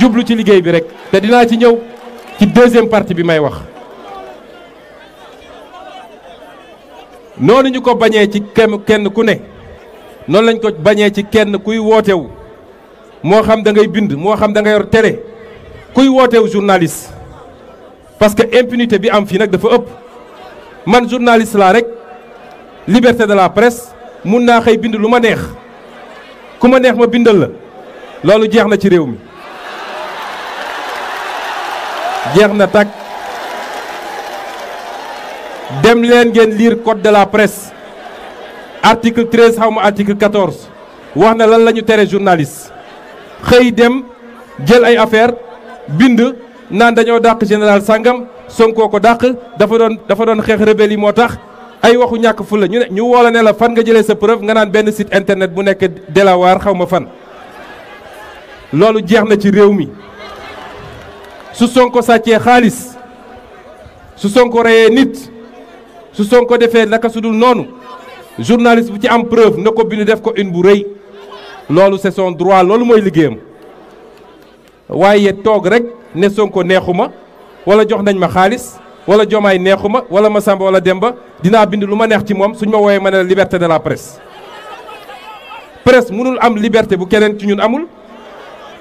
jublu ci liggéey bi rek te dinaa ci ñëw ci deuxième partie bi may wax noonu ñu ko bañee ci kenn ku ne noonu lañ ko bañee ci kenn kuy wootewu moo xam da ngay bind moo xam da nga yor télé kuy wootewu journaliste parce que impunité bi am fii nag dafa ëpp man journaliste laa rek liberté de la presse mun naa xay bind lu ma neex ku ma neex ma bindal la loolu jeex na ci réew mi jeex na takk dem leen ngeen liir code de la presse article 13 xaw ma article 14 wax na lan la ñu tere journaliste xëy dem jël ay affaire bind naan dañoo daq général sàngam Sonko ko daq dafa doon dafa doon xeex rebelle yi moo tax ay waxu ñàkk ful la ñu ne ñu woola ne la fan nga jëlee sa preuve nga naan benn sit internet bu nekk Delaware xaw ma fan loolu jeex na ci réew mi su Sonko sàccee xaalis su Sonko reyee nit su Sonko defee naka su dul noonu journaliste bu ci am preuve na ko def ko une bu rëy loolu c'est son droit loolu mooy liggéeyam waaye toog rek ne Sonko neexuma wala jox nañ ma xaalis wala jomaay neexuma wala Masamba wala Demba dinaa bind lu ma neex ci moom suñ ma woowee ma ne la de la presse presse mënul am liberté bu keneen ci ñun amul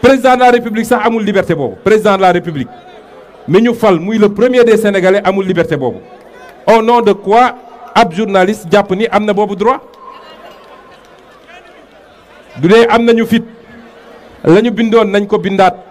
président de la république sax amul liberté boobu président de la république mi ñu fal muy le premier des sénégalais amul liberté boobu au nom de quoi ab journaliste jàpp ni am na boobu droit du dee am nañu fit la ñu bindoon nañ ko bindaat